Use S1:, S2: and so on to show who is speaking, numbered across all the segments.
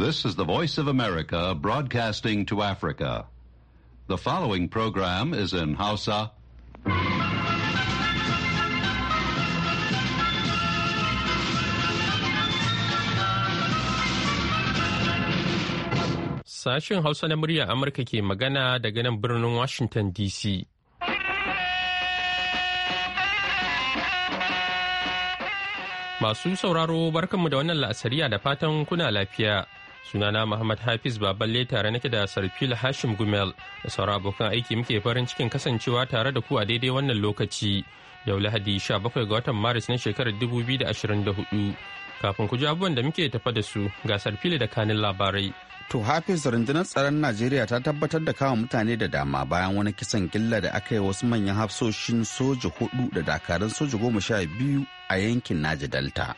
S1: This is the Voice of America broadcasting to Africa. The following program is in Hausa.
S2: Sashen Hausa na murya Amurka ke magana daga nan birnin Washington DC. Masu sauraro barkanmu da wannan la'asariya da fatan kuna lafiya. sunana Muhammad Hafiz Baballe tare nake da Sarfil Hashim Gumel da sauran abokan aiki muke farin cikin kasancewa tare da ku a daidai wannan lokaci. Yau Lahadi 17 ga watan Maris na shekarar 2024. Kafin ku ji abubuwan da muke tafa da su ga Sarfil da kanin labarai.
S1: To Hafiz rundunar tsaron Najeriya ta tabbatar da kawo mutane da dama bayan wani kisan gilla da aka yi wasu manyan hafsoshin soja hudu da dakarun soja goma sha biyu a yankin Naji Delta.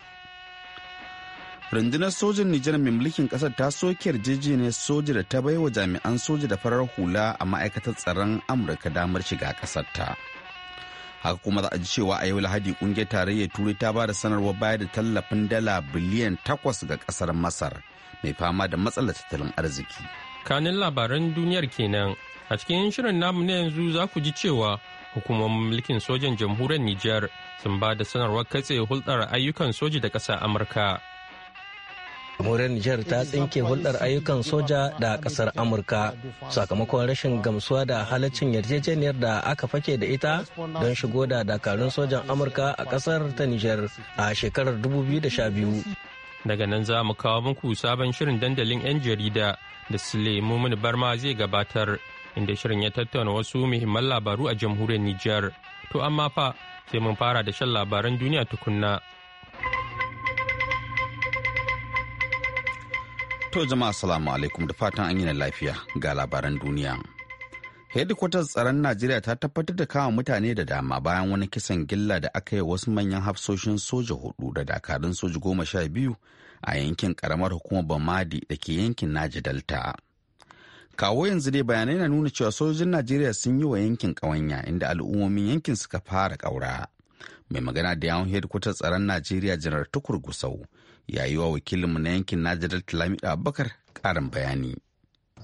S1: rundunar sojan nijar mai mulkin kasar ta soke yarjejeniyar soja da ta bai wa jami'an soja da farar hula a ma'aikatar tsaron amurka damar shiga kasar ta haka kuma za a ji cewa a yau lahadi kungiyar tarayyar turai ta ba da sanarwar baya da tallafin dala biliyan takwas ga kasar masar mai fama da matsalar tattalin arziki
S2: kanin labaran duniyar kenan a cikin shirin namu na yanzu za ku ji cewa hukumar mulkin sojan jamhuriyar nijar sun bada da sanarwar katse hulɗar ayyukan soja da ƙasar amurka
S3: jamhuriyar nijar ta tsinke hulɗar ayyukan soja da ƙasar amurka sakamakon rashin gamsuwa da halaccin yarjejeniyar da aka fake da ita don shigo da dakarun sojan amurka a ƙasar ta nijar a shekarar 2012
S2: daga nan za mu kawo muku sabon shirin dandalin 'yan jarida da Suleiman Barma zai gabatar inda shirin ya tattauna wasu muhimman labaru a jamhuriyar Nijar. To amma fa sai mun fara da shan labaran duniya tukunna.
S1: To jama'a salamu alaikum da fatan an yi na lafiya ga labaran duniya. Hedikwatar tsaron Najeriya ta tabbatar da kama mutane da dama bayan wani kisan gilla da aka yi wasu manyan hafsoshin soja hudu da dakarun soja goma sha biyu a yankin karamar hukumar Bamadi da ke yankin Naji Delta. Kawo yanzu dai bayanai na nuna cewa sojojin Najeriya sun yi wa yankin ƙawanya inda al'ummomin yankin suka fara ƙaura. Mai magana da yawon hedikwatar tsaron Najeriya Janar Tukur Gusau yayi wa wakilinmu na yankin najeriya talami Abubakar karin bayani.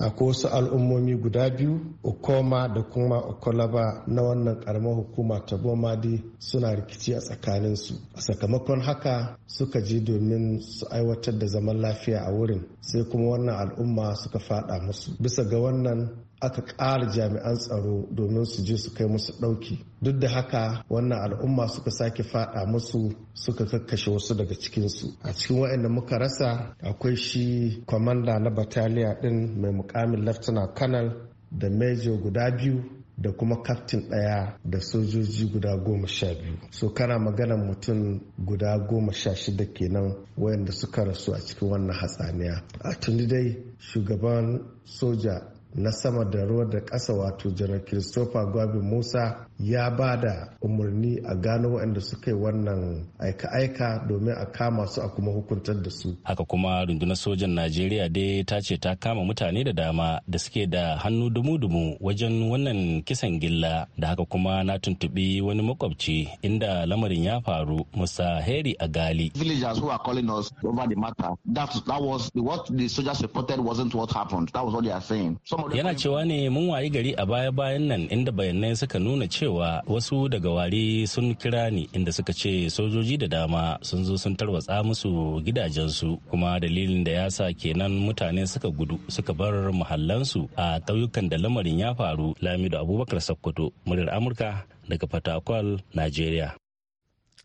S4: akwai wasu al'ummomi guda biyu okoma da kuma okolaba na wannan karamar hukuma ta bomadi suna rikici a tsakanin su a sakamakon haka suka je domin su aiwatar da zaman lafiya a wurin sai kuma wannan al'umma suka fada musu bisa ga wannan aka ƙara jami'an tsaro domin su je su kai musu ɗauki duk da haka wannan al'umma suka sake fada musu suka kakkashe wasu daga cikinsu a cikin waɗanda muka rasa akwai shi kwamanda na bataliya ɗin mai mukamin laftana kanal da major guda biyu da kuma kaftin ɗaya da sojoji guda goma sha biyu so kana magana mutum guda goma sha shida kenan wayanda suka rasu a cikin wannan hatsaniya a tuni dai shugaban soja na sama da ruwa da kasa wato janar christopher gwabin musa ya ba da umarni a gano waɗanda suka yi wannan aika-aika domin a kama su a kuma hukuntar da su
S5: haka kuma rundunar sojan najeriya dai ta ce ta kama mutane da dama da suke da hannu dumu-dumu wajen wannan kisan gilla da haka kuma na tuntuɓi wani makwabci inda lamarin ya faru musa heri a gali
S1: villagers who are calling us over the matter that, that was the, what the soldiers reported wasn't what happened that was what they are saying
S5: yana cewa ne mun wayi gari a baya-bayan nan inda bayanai suka nuna cewa wasu daga wari sun kira ni inda suka ce sojoji da dama sun zo sun tarwatsa musu gidajensu kuma dalilin da ya sa kenan mutane suka gudu suka bar muhallansu a ƙauyukan da lamarin ya faru lamido abubakar sokoto muryar amurka daga
S1: fatakwal nigeria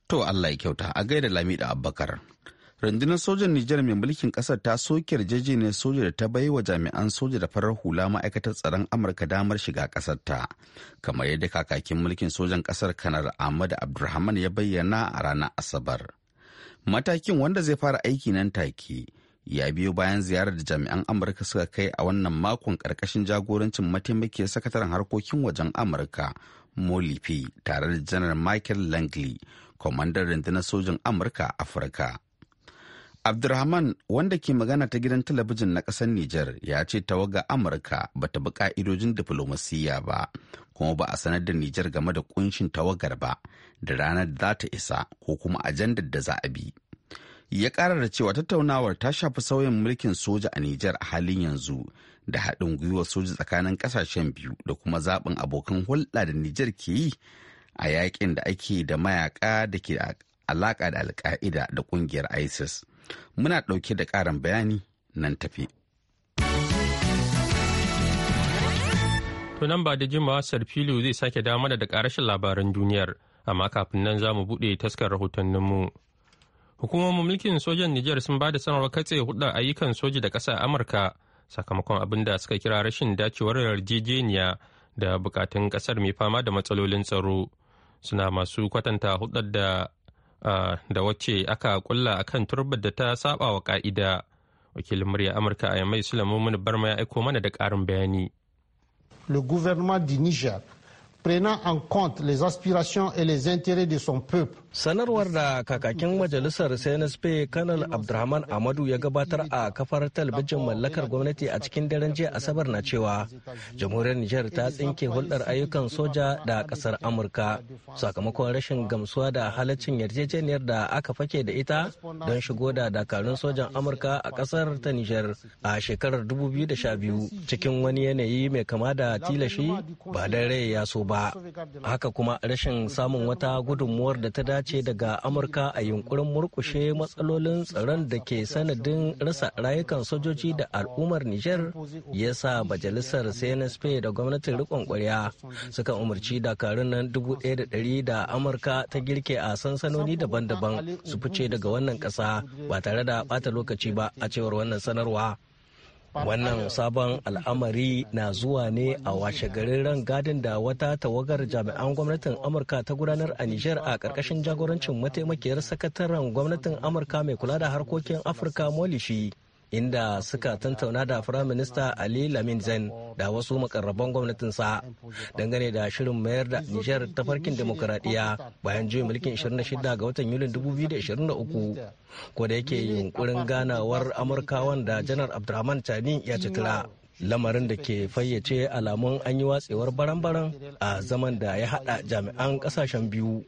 S1: to allah ya kyauta a gaida lamido abubakar rundunar sojan nijar mai mulkin kasar ta soke yarjejeniyar soja da ta bai wa jami'an soja da farar hula ma'aikatar tsaron amurka damar shiga kasar ta kamar yadda kakakin mulkin sojan kasar kanar ahmad abdulrahman ya bayyana a ranar asabar matakin wanda zai fara aiki nan take ya biyo bayan ziyarar da jami'an amurka suka kai a wannan makon karkashin jagorancin mataimakiyar sakataren harkokin wajen amurka molifi tare da janar michael langley kwamandan rundunar sojan amurka afirka Abdurrahman wanda ke magana ta gidan talabijin na ƙasar Nijar ya ce tawaga Amurka ba ta bi ƙa'idojin diflomasiyya ba, kuma ba a sanar da Nijar game da kunshin tawagar ba da ranar da za ta isa ko kuma ajandar da za a bi. Ya ƙara da cewa tattaunawar ta shafi sauyin mulkin soja a Nijar a halin yanzu da haɗin gwiwar soja tsakanin ƙasashen biyu da kuma zaɓin abokan hulɗa da Nijar ke yi a yaƙin da ake da mayaƙa da ke alaƙa da alƙa'ida da ƙungiyar ISIS. Muna ɗauke da ƙarin bayani nan tafi.
S2: nan ba da jimawa Sarfilu zai sake dama da ƙarashin labaran duniyar, amma kafin nan za mu buɗe taskar rahotanninmu. Hukumomin mulkin sojan Nijar sun ba da sanarwar katse hudar ayyukan soji da ƙasa Amurka sakamakon abin da suka kira rashin dacewar yarjejeniya da bukatun ƙasar mai fama da matsalolin tsaro. Suna masu kwatanta hudar da da wacce aka kulla kan turbar da ta saba wa ka'ida wakilin murya amurka a yamai sulaiman barma ya aiko mana da karin bayani
S4: le gouvernement du niger prenant en compte les aspirations
S3: et les intérêts de son peuple sanarwar da kakakin majalisar cnsp kanal abdurrahman amadu ya gabatar a kafar talabijin mallakar gwamnati a cikin daren jiya asabar na cewa jamhuriyar niger ta tsinke hulɗar ayyukan soja da ƙasar amurka sakamakon rashin gamsuwa da halaccin yarjejeniyar da aka fake da ita don shigo da dakarun sojan amurka a ƙasar ta niger a shekarar 2012 cikin wani yanayi mai kama da tilashi ba don ya so ba haka kuma rashin samun wata gudunmuwar da ta dace ce daga Amurka a yunkurin murkushe matsalolin tsaron da ke sanadin rasa rayukan sojoji da al'ummar Nijar ya sa majalisar CNSP da gwamnatin rikon kwarya suka umarci dakarun nan dubu ɗaya da ɗari da Amurka ta girke a sansanoni daban-daban su fice daga wannan ƙasa ba tare da ɓata lokaci ba a cewar wannan sanarwa. Wannan sabon al'amari na zuwa ne a washe garin ran gadin da wata tawagar jami'an gwamnatin Amurka ta gudanar a niger a ƙarƙashin jagorancin mataimakiyar sakataren gwamnatin Amurka mai kula da harkokin Afirka Molishi inda suka tantauna da firaminista ali lamin zain da wasu makarraban gwamnatinsa dangane da shirin mayar da nijar farkin demokuraɗiyya bayan juyin mulkin 26 ga watan yulin 2023 ko da yake yunkurin ganawar amurka da janar abdurrahman tani ya citila lamarin da ke fayyace alamun an yi watsewar baran-baran a zaman da ya hada jami'an kasashen biyu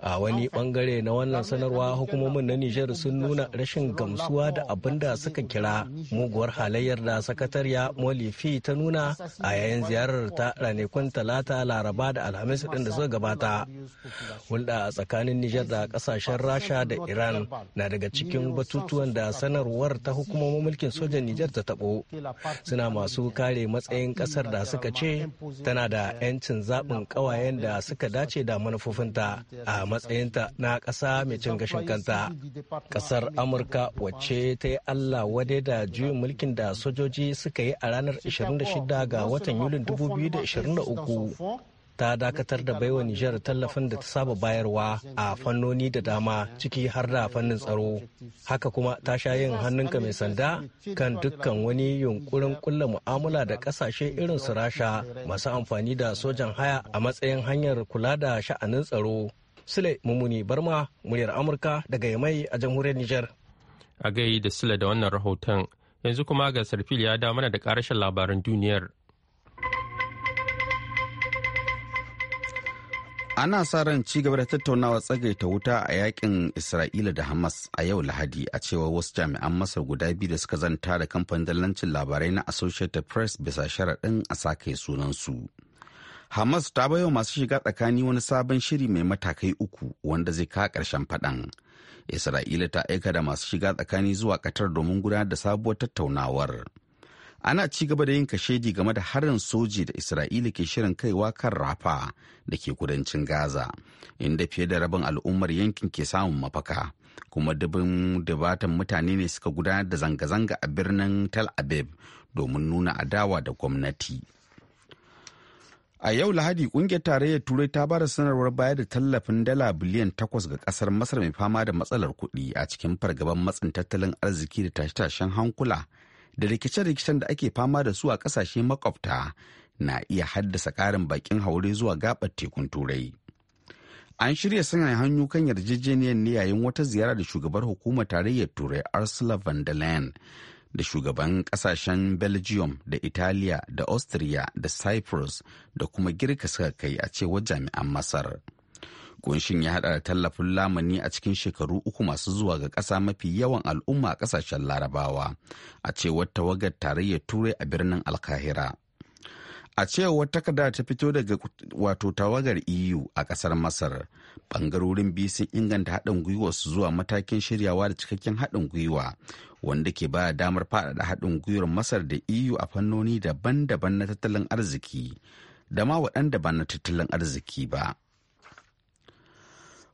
S3: a wani bangare na wannan sanarwa hukumomin na nijar sun nuna rashin gamsuwa da abin da suka kira muguwar halayyar da sakatariya molifi ta nuna a yayin ziyarar ta ranakun talata laraba da alhamis din da suka gabata hulɗa a tsakanin nijar da kasashen rasha da iran na daga cikin batutuwan da sanarwar ta hukumomin mulkin sojan nijar ta taɓo suna masu kare matsayin kasar da suka ce tana da 'yancin zaɓin ƙawayen da suka dace da manufofinta a matsayinta na ƙasa mai cin gashin kanta ƙasar amurka wacce ta yi allah wadai da juyin mulkin da sojoji suka yi a ranar 26 ga watan yulin 2023 ta dakatar da baiwa nijar tallafin da ta saba bayarwa a fannoni da dama ciki har da fannin tsaro haka kuma ta sha yin hannunka mai sanda kan dukkan wani yunkurin kulla mu'amala da kasashe irin su rasha masu amfani da sojan haya a matsayin hanyar kula da sha'anin tsaro Sule Mumuni Barma muryar Amurka daga Yamai a jamhuriyar Nijar.
S2: A gai da Sule da wannan rahoton yanzu kuma ga Sarfil ya da mana da karashin labaran duniyar.
S1: Ana sa ran ci gaba da tattaunawa ta wuta a yakin Isra'ila da Hamas a yau Lahadi a cewar wasu jami'an Masar guda biyu da suka zanta da kamfanin dallancin labarai na Associated Press bisa sharaɗin a sake sunansu. su. Hamas ta bayo masu shiga tsakani wani sabon shiri mai matakai uku wanda zai kawo karshen faɗan. Isra'ila ta aika da masu shiga tsakani zuwa katar domin gudanar da sabuwar tattaunawar. Ana ci gaba da yin kashedi game da harin soji da Isra'ila ke shirin kaiwa kan Rafa da ke kudancin Gaza, inda fiye da rabin al'ummar yankin ke samun mafaka. Kuma dubin dubatan mutane ne suka gudanar da zanga-zanga a birnin Tel Aviv domin nuna adawa da gwamnati. A yau Lahadi kungiyar tarayyar Turai ta bada sanarwar bayar da tallafin dala biliyan takwas ga kasar Masar mai fama da matsalar kuɗi a cikin fargaban matsin tattalin arziki da tashe-tashen hankula da rikice-rikicen da ake fama da su a ƙasashe makwabta na iya haddasa ƙarin bakin haure zuwa gaɓar tekun Turai. An shirya sanya hannu kan yarjejeniyar ne yayin wata ziyara da shugabar hukumar tarayyar Turai Ursula von der Leyen da shugaban kasashen belgium da italiya da austria da cyprus da kuma girka suka kai a cewar jami'an masar kunshin ya hada da tallafin lamani a cikin shekaru uku masu zuwa ga ƙasa mafi yawan al'umma a ƙasashen larabawa a cewar tawagar tarayyar turai a birnin alkahira a cewar takada ta fito daga wato tawagar eu a ƙasar masar bangarorin biyu sun inganta haɗin su zuwa matakin shiryawa da cikakken haɗin gwiwa wanda ke ba damar faɗaɗa haɗin gwiwar masar da eu a fannoni daban-daban na tattalin arziki da ma waɗanda ba na tattalin arziki ba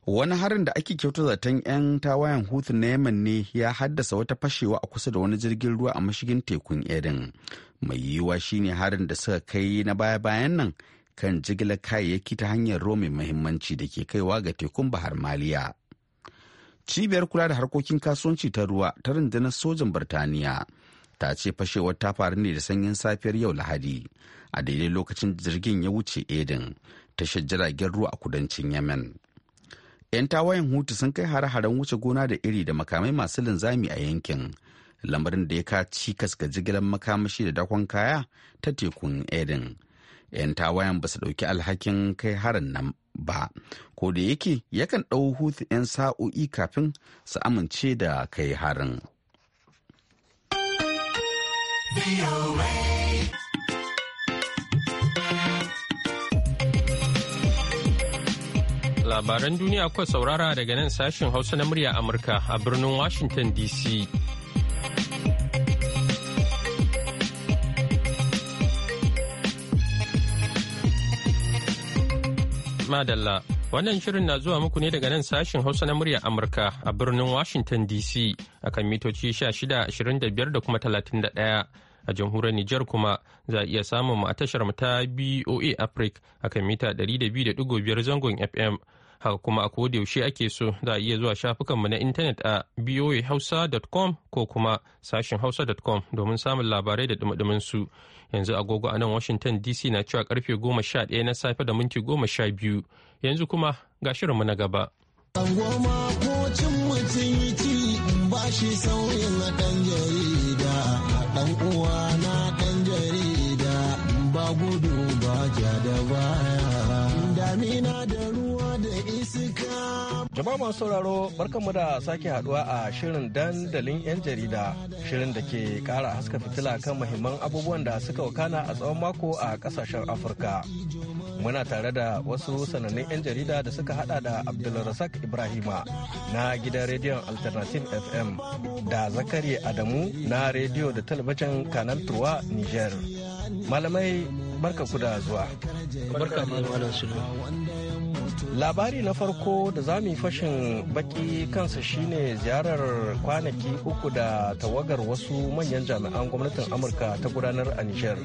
S1: wani harin da ake kyauta zaton 'yan tawayen hutu na yemen ne ya haddasa wata fashewa a kusa da wani jirgin ruwa a mashigin tekun erin mai yiwuwa shine harin da suka kai na baya-bayan nan kan jigilar kayayyaki ta hanyar ruwa mai mahimmanci da ke kaiwa ga tekun bahar maliya cibiyar kula da harkokin kasuwanci ta ruwa ta rundunar sojan birtaniya ta ce fashewar ta faru ne da sanyin safiyar yau lahadi a daidai lokacin jirgin ya wuce edin tashar jiragen ruwa a kudancin yemen 'yan tawayen hutu sun kai hare-haren wuce gona da iri da makamai masu linzami a yankin lamarin da ya ka cikas ga jigilar makamashi da dakon kaya ta tekun edin 'yan tawayen ba su ɗauki alhakin kai harin nan ba ko da yake yakan ɗau hutu 'yan sa'o'i kafin su amince da kai harin
S2: labaran duniya kuwa saurara daga nan sashin hausa na murya amurka a birnin washington dc Madalla. Wannan shirin na zuwa muku ne daga nan sashin Hausa na muryar Amurka a birnin Washington DC akan mitoci 1625 da kuma 31 a jamhuriyar Nijar kuma za a iya samun mu a tashar mu ta BOA Africa akan mita 200.5 zangon FM. haka kuma a yaushe ake so za a iya zuwa shafukanmu na intanet a boahausa.com ko kuma sashin hausa.com domin samun labarai da dumadumin su yanzu agogo a nan washington dc na cewa karfe 11 na safe da minti 12 yanzu kuma ga shirinmu na gaba
S4: ba
S3: ba gudu ba ja baya
S4: damina da ruwa
S3: Jama'a masu sauraro barkanmu da sake haduwa a shirin dandalin 'yan jarida shirin da ke kara haska fitila kan muhimman abubuwan da suka wakana a tsawon mako a kasashen Afirka. Muna tare da wasu sanannun 'yan jarida da suka hada da Abdulrasak Ibrahima na gidan rediyon Alternative FM da Zakari Adamu na rediyo da talabijin Kanal Turwa Niger. Malamai barka ku da zuwa. Barka Labari na farko da za mu fashin baki kansa shine ziyarar kwanaki uku da tawagar wasu manyan jami'an gwamnatin Amurka ta gudanar a Nijar.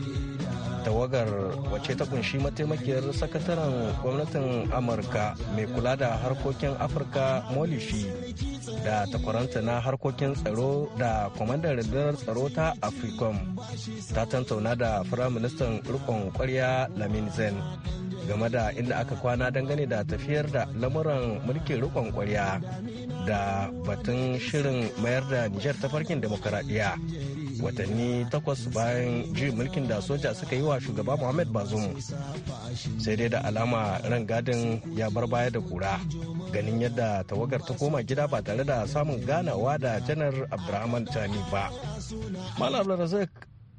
S3: tawagar wace ta kunshi mataimakiyar sakataren gwamnatin amurka mai kula da harkokin afirka molishi da takwaranta na harkokin tsaro da kwamandan rundunar tsaro ta africom ta tantauna da ministan rikon kwarya lamin zen game da inda aka kwana dangane da tafiyar da lamuran mulkin rikon kwarya da batun shirin mayar da nijar farkin demokaradiyya watanni takwas bayan juyin mulkin da soja suka yi wa shugaba muhammad bazoum sai dai da alama ran gadin ya bar baya da kura ganin yadda tawagar ta koma gida ba tare da samun ganawa da janar abdurrahman tani ba malam razak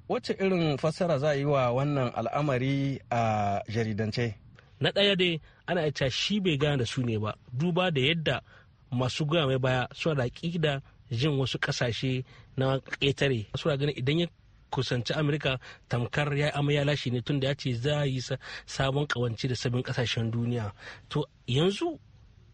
S3: wacce irin fassara za a yi wa
S5: wannan al'amari a jaridance na ɗaya dai ana iya shi bai gana da su ne ba duba da yadda masu goya mai baya suna da da jin wasu ƙasashe na ƙetare suna ganin idan ya kusanci amurka tamkar ya yi amaya lashe ne tun da ya ce za a yi sabon kawance da sabbin kasashen duniya to yanzu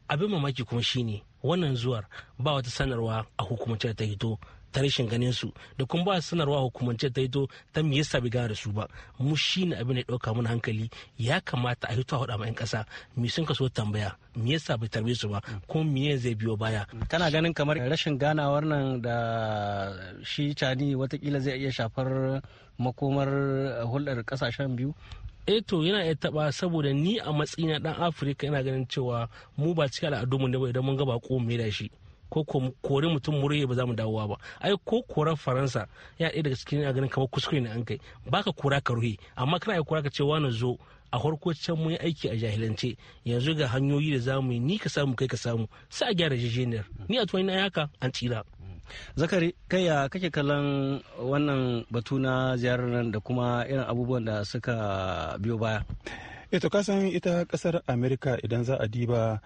S5: abin mamaki kuma shine wannan zuwar ba wata sanarwa a hukumance da ta hito ta rashin ganin su da kuma ba sanarwa hukumance ta to ta me yasa bai gane da su ba mu shine abin da dauka mun hankali ya kamata a yi hito hada ma yan kasa me sun kaso tambaya me yasa bai tarbe su ba ko me zai biyo baya kana ganin kamar rashin ganawar nan da shi cani watakila zai iya shafar makomar hulɗar kasashen biyu eto eh yana iya taba saboda ni a matsayina dan afirka yana ganin cewa mu ba cikin al'adunmu ne ba idan mun ga bako mai da shi ko kore mutum murye ba za mu dawowa ba ai ko korar faransa ya ɗaya daga cikin a ganin kamar kuskure ne an kai baka kora ka ruhi amma kana iya kora ka ce wani zo a farko can mun yi aiki a jahilance yanzu ga hanyoyi da za mu yi ni ka samu kai ka samu sai a gyara jejeniyar ni a tuwani na yaka an tsira
S3: zakari kai ya kake kallon wannan batu na ziyarar nan da kuma irin abubuwan
S6: da suka biyo baya eh ita kasan ita kasar america idan za a diba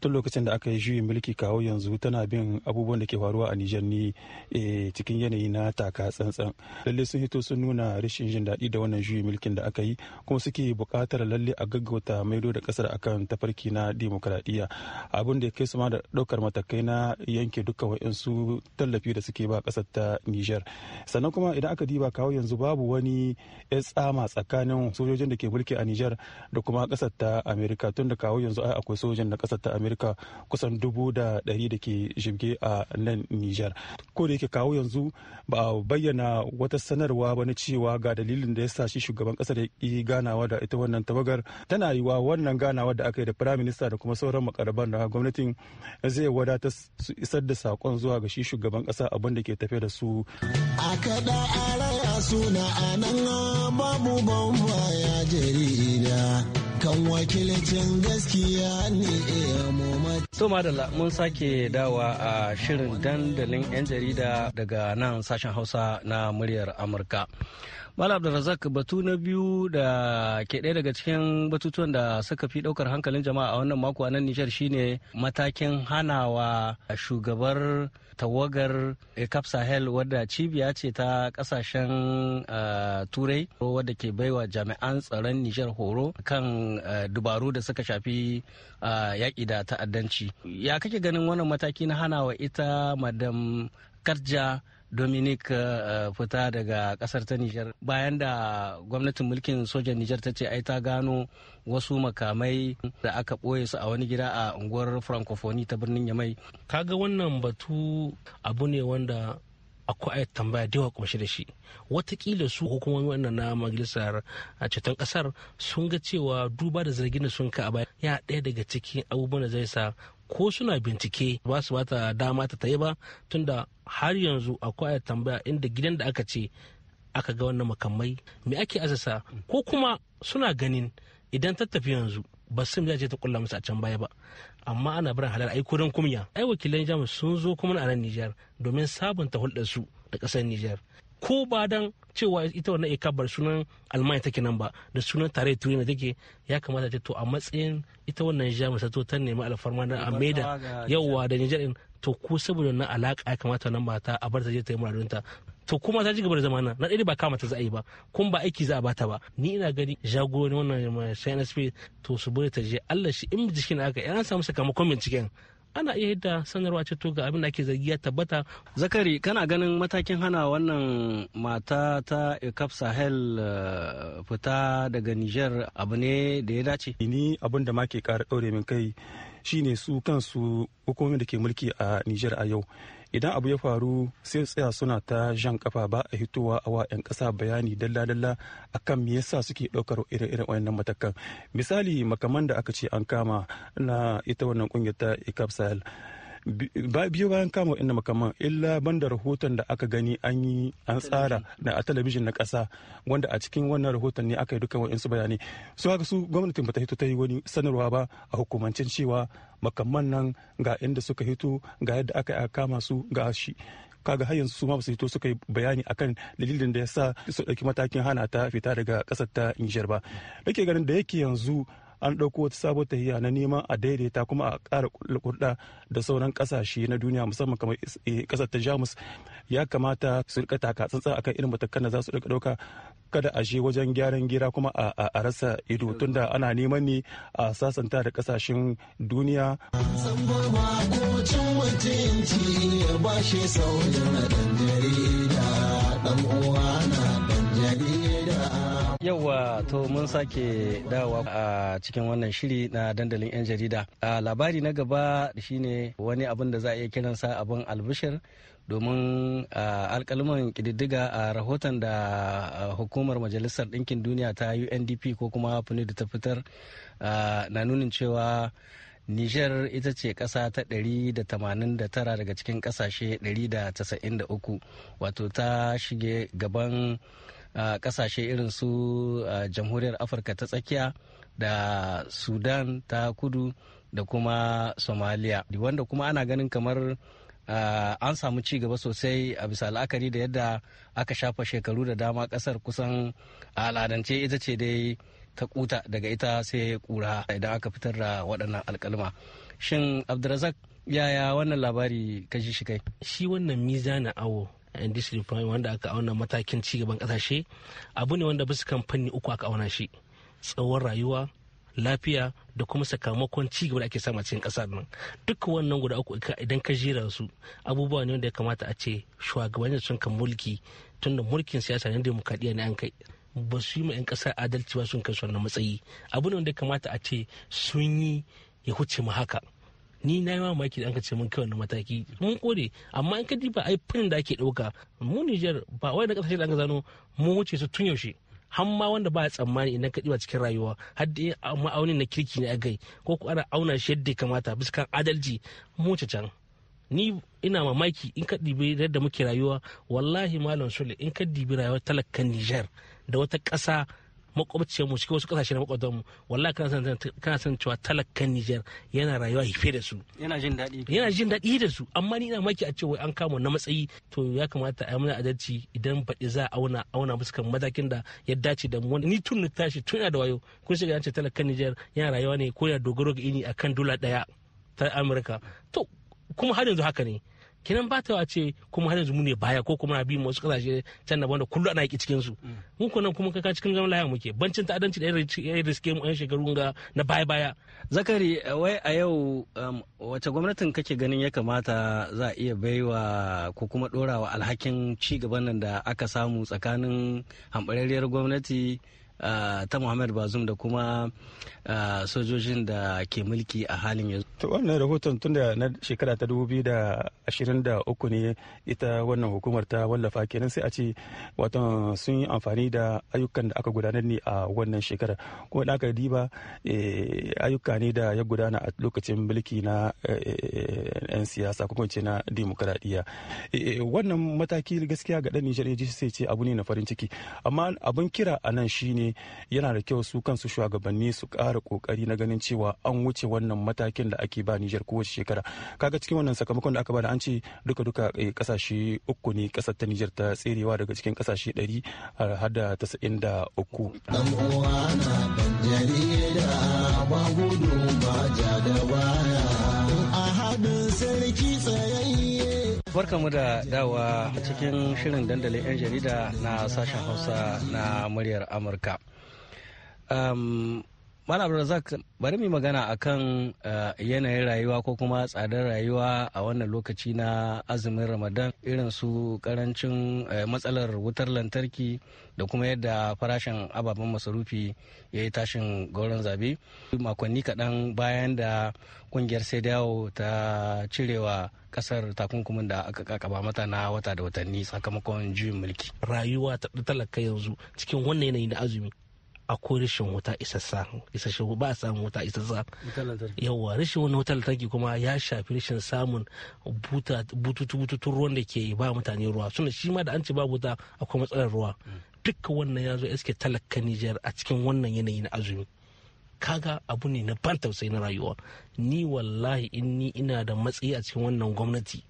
S6: tun lokacin da aka yi juyin mulki kawo yanzu tana bin abubuwan da ke faruwa a Nijar ne eh, cikin yanayi na taka tsantsan. Lalle sun hito sun nuna rashin jin daɗi da wannan juyin mulkin da aka yi kuma suke buƙatar lalle a gaggauta maido da ƙasar akan tafarki na demokradiyya. Abin da ya kai su ma da ɗaukar matakai na yanke dukkan wa'insu tallafi da suke ba ƙasar ta Nijar. Sannan kuma idan aka diba kawo yanzu babu wani ya tsama tsakanin sojojin da ke mulki a Nijar da kuma ƙasar ta Amerika tun da kawo yanzu ai akwai sojojin da ƙasar ta Amerika amurka kusan dubu da ɗari da ke shibge a nan nijar ko da yake kawo yanzu ba a bayyana wata sanarwa ba na cewa ga dalilin da ya sa shi shugaban ƙasar ya ƙi ganawa da ita wannan tabagar tana yiwa wannan ganawa da aka yi da firayim minista da kuma sauran makarabar da gwamnatin zai wadatar su isar da saƙon zuwa ga shi shugaban kasa abin da ke tafe da su.
S4: a kaɗa a suna a nan babu ban ya jarida. kan wakilcin gaskiya ne
S3: so eh, madalla mun sake dawa a shirin dandalin 'yan jarida daga nan sashen hausa na muryar amurka Malam Abdulrazak batu na biyu da ke ɗaya daga cikin batutuwan da suka fi ɗaukar hankalin jama'a a wannan mako a nan Nijar shine matakin hanawa shugabar tawagar cape Sahel wadda cibiya ce ta kasashen eh, turai wadda ke baiwa jami'an tsaron Nijar horo kan eh, dubaru da suka shafi eh, yaƙi da ta'addanci. Ya kake ganin wannan mataki na hanawa ita madam Karja dominic eh, eh, fita daga kasar ta nijar bayan da gwamnatin mulkin sojan nijar ta ce ai ta gano wasu makamai da aka ɓoye su a wani gida
S5: a unguwar francophonie ta birnin yamai kaga wannan batu abu ne wanda akwai tambaya da yawa da shi watakila su hukumomi wannan na majalisar eh, ceton kasar sun ga cewa duba da zargin da sun ka a baya ya ɗaya daga cikin abubuwan da zai sa ko suna bincike ba su bata dama ta yi ba tunda har yanzu akwai tambaya inda gidan da aka ce aka ga wannan makamai me ake asasa ko kuma suna ganin idan ta tafi yanzu ba sun ce ta kulla musu a can baya ba amma ana barin halar ai kurin kumya ai wakilan jamus sun zo kuma a nan nijar domin sabunta hulɗar su da ƙasar nijar ko ba dan cewa ita wannan bar sunan almanya take nan ba da sunan tare turai na take ya kamata ta to a matsayin ita wannan jamus sato ta nemi alfarma na ameda yauwa da nijar to ko saboda na alaka ya kamata nan ta a bar ta je ta yi ta to kuma ta ji gaba da zamana na ɗari ba kama ta za a yi ba kun ba aiki za a bata ba ni ina gani jagorori wannan eh, na to su bari ta je allah shi in jikin aka yan samu sakamakon binciken ana iya yadda sanarwa ce to ga abin da ake zargi ya tabbata zakari
S3: kana ganin matakin hana wannan mata ta ikaf sahel eh,
S6: fita daga niger abu ne da ya dace ni abin da ma ke kara daure min kai shine su kansu hukumomin da ke mulki a niger a yau idan abu ya faru sai tsaya suna ta jan kafa ba a hitowa a wa 'yan kasa bayani dalla-dalla akan me yasa suke ɗaukar irin irin wayannan matakan misali makaman da aka ce an kama na ita wannan kungiyar ta sahel ba bayan kama inda makaman illa banda rahoton da aka gani an yi an tsara na a talabijin na ƙasa wanda a cikin wannan rahoton ne aka yi dukkan wa'insu bayanai su haka su gwamnatin bata hito ta yi wani sanarwa ba a hukumancin cewa makamman nan ga inda suka hito ga yadda aka a kama su ga shi kaga har yanzu su ma su hito suka yi bayani akan dalilin da ya sa su ɗauki matakin hana ta fita daga ƙasar ta Nijar ba. Nake ganin da yake yanzu an ɗauko wata sabon tahiya na neman a daidaita kuma a ƙara kurɗa da sauran ƙasashe na duniya musamman kamar eh, ƙasar ta jamus ya kamata su rika taka tsantsan akan irin matakan da za su rika ɗauka kada a je wajen gyaran gira kuma a rasa ido tunda ana neman ne a sasanta da ƙasashen duniya.
S3: ba shi sauyin ɗan Yauwa to mun sake dawowa a cikin wannan shiri na dandalin 'yan jarida. Labari na gaba shine wani abin da za a iya kiransa abin albishir domin alkalman kididdiga a rahoton da hukumar majalisar ɗinkin duniya ta UNDP ko kuma da ta fitar na nunin cewa Nijar ita ce ƙasa ta 189 daga cikin ƙasashe 193 wato ta shige gaban kasashe irin su jamhuriyar afirka ta tsakiya da sudan ta kudu da kuma somalia wanda kuma ana ganin kamar uh, an samu ci gaba sosai a bisa la'akari da yadda aka shafa shekaru da dama kasar kusan al'adance ita ce dai ta kuta daga ita sai kura idan aka fitar da waɗannan alkalma
S5: shin abdulrazak yaya wannan labari ka ji shi kai shi wannan miza na awo industry deployment wanda aka auna matakin gaban kasashe abu ne wanda bisa kamfani uku aka auna shi tsawon rayuwa lafiya da kuma sakamakon cigaba da ake samu a cikin kasar nan duk wannan guda uku idan ka jera su abubuwa ne wanda ya kamata a ce shugabanni sun kan mulki tunda mulkin siyasa ne demokradiyya ne an kai ba su yi ma 'yan kasar adalci ba sun kai su wannan matsayi abu ne wanda ya kamata a ce sun yi ya huce mu haka ni na yi mamaki da an ka ce mun kai mataki mun kore amma in ka diba ai fin da ake ɗauka mu Nijar ba wai da kasashe da an zano mu wuce su tun yaushe har wanda ba tsammani idan ka diba cikin rayuwa har da ma'aunin na kirki ne a gai ko ku ana auna shi yadda ya kamata bisa adalci mu wuce can ni ina mamaki in ka ɗibi yadda muke rayuwa wallahi malam sule in ka dibi rayuwar talakan nijar da wata ƙasa makwabciyar mu cikin wasu kasashe na makwabtan mu wallahi kana san kana san cewa talakan Niger yana rayuwa hife da su yana jin daɗi yana jin daɗi da su amma ni ina maki a cewa an kama na matsayi to ya kamata a yi mana adalci idan baɗi za a auna auna musu kan matakin da ya dace da mu ni tun tashi tun yana da wayo kun shiga yance talakan Nijar yana rayuwa ne ko ya dogaro ga ini akan dola daya ta Amurka to kuma har yanzu haka ne Kinan ba ta ce kuma har yanzu ne baya ko kuma abin bi wasu kasashe can na wanda kullu ana yaki cikin su mun kuma nan kuma kaka cikin zaman laya muke bancin ta'addanci da ya riske mu yan shekaru ga na baya baya zakari eh, wai a yau
S3: um, wace gwamnatin kake ganin ya kamata za a iya baiwa ko kuma dorawa alhakin ci gaban nan da aka samu tsakanin hambarariyar gwamnati Eh, ta muhammad bazum da kuma eh, sojojin da ke mulki a halin yanzu
S6: to wannan rahoton tun da na shekara ta 2023 ne ita wannan hukumar ta wallafa kenan sai a ce wato sun yi amfani da ayyukan da aka gudanar ne a wannan shekara kuma da aka diba eh, ayyuka ne da ya gudana a lokacin mulki na 'yan siyasa kuma ce na dimokuraɗiyya wannan mataki gaskiya ga ɗan nijar ya ce abu ne na farin ciki amma abin kira a nan shine yana da kyau su kansu shugabanni su ƙara ƙoƙari na ganin cewa an wuce wannan matakin da ake ba Nijar kowace shekara kaga cikin wannan sakamakon da aka bada an ce duka duka kasashe eh, uku ne kasar ta Nijar ta tserewa daga cikin kasashe ɗari har da da uku.
S3: uwa na jarida ba gudu ba ja da baya a sarki tsayayya barka mu da dawa cikin shirin dandalin 'yan jarida na sashen Hausa na muryar Amurka. Um, Malam Razak bari mu magana akan eh, yanayin rayuwa ko kuma tsadar rayuwa a wannan lokaci na azumin Ramadan irin su karancin eh, matsalar wutar lantarki da kuma yadda farashin ababen masarufi ya yi tashin gauran zabe. Makonni kaɗan bayan da kungiyar sai dawo ta cirewa kasar takunkumin da aka kakaba mata na wata da
S5: watanni sakamakon juyin mulki. Rayuwa ta talaka yanzu cikin wannan yanayi na azumi akwai rashin wuta isassa ba a samun wuta isassa yawa rashin wani wutar lantarki kuma ya shafi rashin samun bututun ruwan da ke ba mutane ruwa suna shi ma da an ce ba wuta akwai matsalar ruwa dukkan wannan ya zo iske talaka Nijar a cikin wannan yanayi na azumi kaga abu ne na ban tausayi na rayuwa ni wallahi in ni ina da matsayi a cikin wannan gwamnati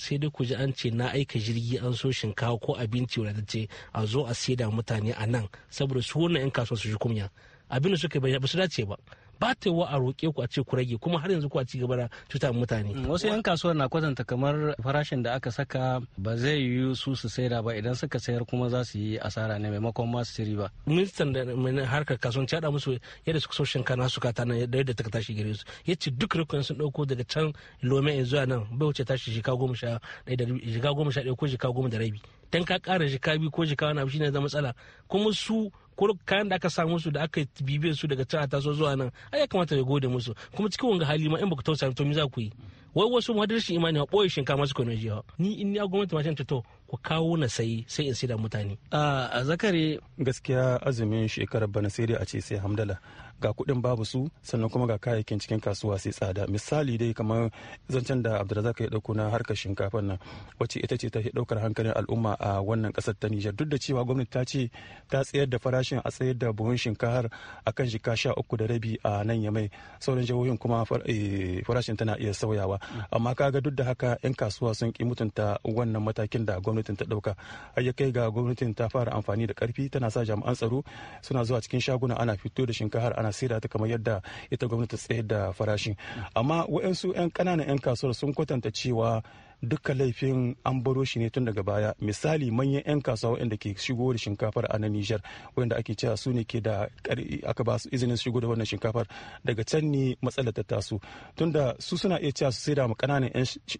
S5: sai dai ku ji an ce na aika jirgi an so shinkawa ko abinci wadatacce a zo a saida mutane a nan saboda su wannan 'yan kasuwa su ji kunya abin da suka yi ba su dace ba ba ta yiwuwa a roƙe ku a ce ku rage kuma har yanzu ku a ci gaba da cuta mutane. Mm, wasu 'yan kasuwar na kwatanta kamar farashin da aka saka ba zai yiwu su su saida ba idan suka sayar kuma za su yi asara ne maimakon ma su riba. ministan da mai harkar kasuwanci haɗa musu yadda suka so shinkafa suka ta na yadda ta tashi gare su ya ce duk rukun sun ɗauko daga can lome zuwa nan bai wuce tashi shika goma sha ɗaya ko shika goma da rabi. dan ka ƙara jika biyu ko jika wani abu shine zama matsala kuma su ko kayan da aka sa musu da aka bibiyar su daga can a taso zuwa nan ai ya kamata ya gode musu kuma cikin wanga hali ma in baka tausa to me za ku yi wai wasu ma imani ma boye shinkafa masu na jiya ni in ya gwamnati ma ta to ku kawo na sayi sai in sai da mutane
S6: a zakare gaskiya azumin shekarar bana sai a ce sai hamdala ga kuɗin babu su sannan kuma ga kayayyakin cikin kasuwa sai tsada misali dai kamar zancen da abdulrazak ya ɗauko na harkar shinkafar nan wacce ita ce ta ɗaukar hankalin al'umma a wannan ƙasar ta nijar duk da cewa gwamnati ta ce ta tsayar da farashin a tsayar da buhun shinkafar a akan shika sha uku da rabi a nan yamai sauran jihohin kuma eh, farashin tana iya sauyawa amma kaga duk da haka 'yan kasuwa sun ki mutunta wannan matakin da gwamnatin ta ɗauka har ya kai ga gwamnatin ta fara amfani da ƙarfi tana sa jami'an tsaro suna zuwa cikin shaguna ana fito da shinkafar ana ana ta kamar yadda ita gwamnati tsaye da farashi amma waɗansu 'yan ƙananan 'yan kasuwar sun kwatanta cewa dukkan laifin an baro shi ne tun daga baya misali manyan 'yan kasuwa wanda ke shigo da shinkafar a nan nijar wanda ake cewa su ne ke da aka ba su izinin shigo da wannan shinkafar daga can ne matsalar ta taso tunda su suna iya cewa su saida ma kananan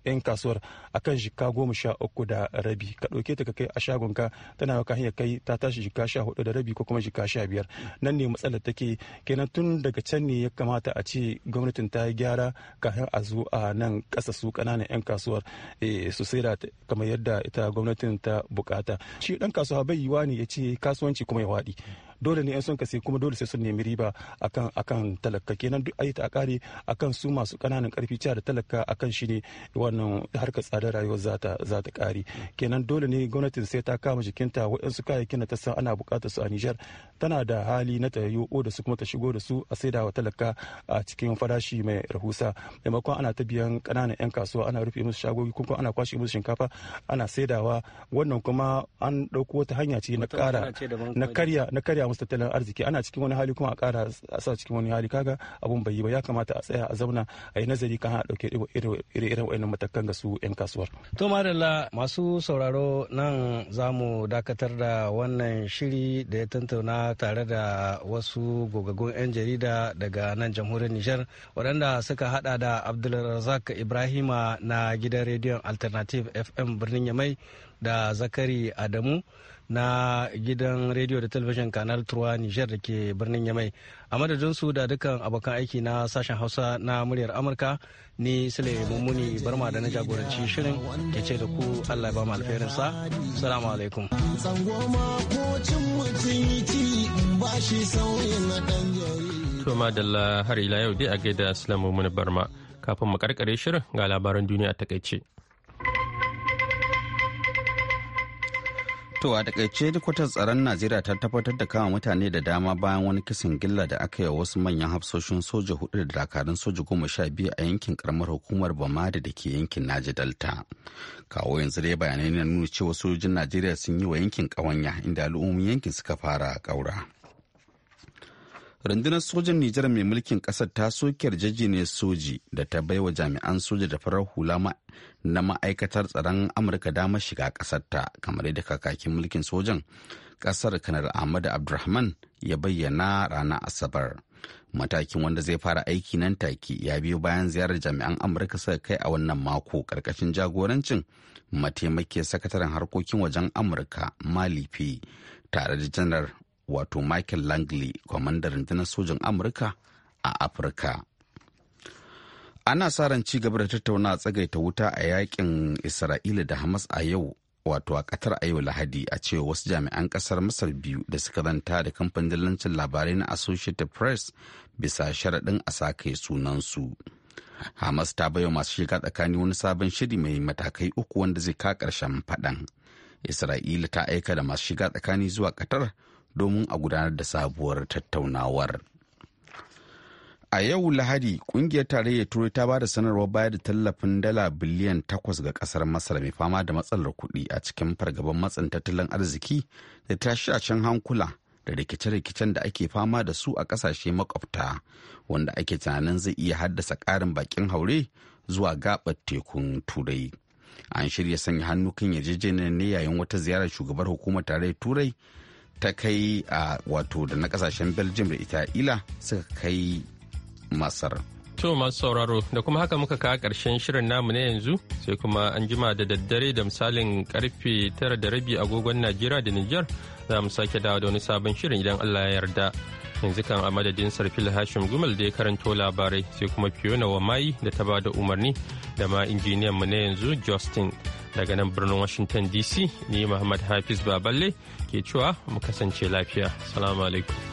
S6: 'yan kasuwar akan shika goma sha uku da rabi ka ɗauke ta ka kai a shagonka tana ka hanyar kai ta tashi jika sha hudu da rabi ko kuma jika sha biyar nan ne matsalar take kenan tun daga can ne ya kamata a ce gwamnatin ta yi gyara kafin a zo a nan ƙasa su kananan 'yan kasuwar Eh, su saida kamar yadda ita gwamnatin ta bukata shi dan kasuwa bai yiwa ne ya ce kasuwanci kuma ya waɗi dole ne yan sun kasi kuma dole sai sun nemi riba akan akan talaka kenan duk ayi kare akan su masu kananan karfi cewa da talaka akan shi ne wannan harkar tsadar rayuwar zata ta kare kenan dole ne gwamnatin sai ta kama jikinta waɗansu kayayyakin da ta san ana buƙatar su a Nijar tana da hali na ta yi da su kuma ta shigo da su a saida wa talaka a cikin farashi mai rahusa maimakon ana ta biyan kananan 'yan kasuwa ana rufe musu shagogi kuma ana kwashe musu shinkafa ana saidawa wannan kuma an dauko wata hanya ce na ƙara na karya na karya musu tattalin arziki ana cikin wani hali kuma a kara a sa cikin wani hali kaga abun bai yi ba ya kamata a tsaya a zauna a yi nazari kan a ɗauke irin iren matakan ga su 'yan kasuwar.
S3: to madalla masu sauraro nan za mu dakatar da wannan shiri da ya tattauna tare da wasu gogaggun 'yan jarida daga nan jamhuriyar nijar waɗanda suka haɗa da abdulrazak ibrahima na gidan rediyon alternative fm birnin yamai da zakari adamu na gidan rediyo da talabijin kanal turwa niger da ke birnin yamai a madadin su da dukkan abokan aiki na sashen hausa na muryar amurka ni sule mummuni barma da na jagoranci shirin ke ce da ku allah ba mu alfairinsa salamu alaikum
S2: to madalla har ila yau dai a gaida sulamu barma kafin mu karkare shirin ga labaran duniya a takaice
S1: To a takaice kwatar tsaron Najeriya ta tabbatar da kama mutane da dama bayan wani kisan gilla da aka yi wasu manyan hafsoshin soja hudu da dakarun soja goma sha biyu a yankin karamar hukumar Bamari da ke yankin Naji Delta. Kawo yanzu dai bayanai na nuna cewa sojojin Najeriya sun yi wa yankin ƙawanya inda al'ummin yankin suka fara ƙaura. rundunar sojan nijar mai mulkin kasar ta soke yarjejeniyar soji da ta bai wa jami'an soja da farar hula na ma'aikatar tsaron amurka dama shiga kasar ta kamar yadda kakakin mulkin sojan kasar kanar ahmadu abdulrahman ya bayyana ranar asabar matakin wanda zai fara aiki nan take ya biyo bayan ziyarar jami'an amurka suka kai a wannan mako karkashin jagorancin mataimakin sakataren harkokin wajen amurka malifi tare da janar wato Michael Langley, kwamandan rundunar sojan Amurka a Afirka. Ana sa ran ci gaba da tattauna tsagaita wuta a yakin Isra'ila da Hamas a yau wato a Katar a yau Lahadi a cewa wasu jami'an kasar Masar biyu da suka zanta da kamfanin lancin labarai na Associated Press bisa sharaɗin a sa kai sunansu. Hamas ta baiwa masu shiga tsakani wani sabon shiri mai matakai uku wanda zai ka ƙarshen faɗan. Isra'ila ta aika da masu shiga tsakani zuwa Qatar domin a gudanar da sabuwar tattaunawar. A yau Lahadi, kungiyar tarayyar Turai ta ba da sanarwar bayar da tallafin dala biliyan takwas ga ƙasar Masar mai fama da matsalar kuɗi a cikin fargaban matsin tattalin arziki da tashashen hankula da rikice-rikicen da ake fama da su a ƙasashe makwabta wanda ake tunanin zai iya haddasa ƙarin bakin haure zuwa gaɓar tekun Turai. An shirya sanya hannu kan yarjejeniyar ne yayin wata ziyarar shugabar hukumar tarayyar Turai ta kai a wato da na kasashen belgium da ita'ila suka kai masar
S2: to masu sauraro da kuma haka muka kawo ƙarshen shirin namu na yanzu sai kuma an jima da daddare da misalin karfe tara da rabi agogon najeriya da niger za mu sake dawo da wani sabon shirin idan allah ya yarda yanzu kan a madadin sarfil hashim gumal da ya karanto labarai sai kuma fiona wa mai da ta ba da umarni da ma injiniyan mu na yanzu justin daga nan birnin washington dc ni muhammad hafiz baballe ke cewa mu kasance lafiya salamu alaikum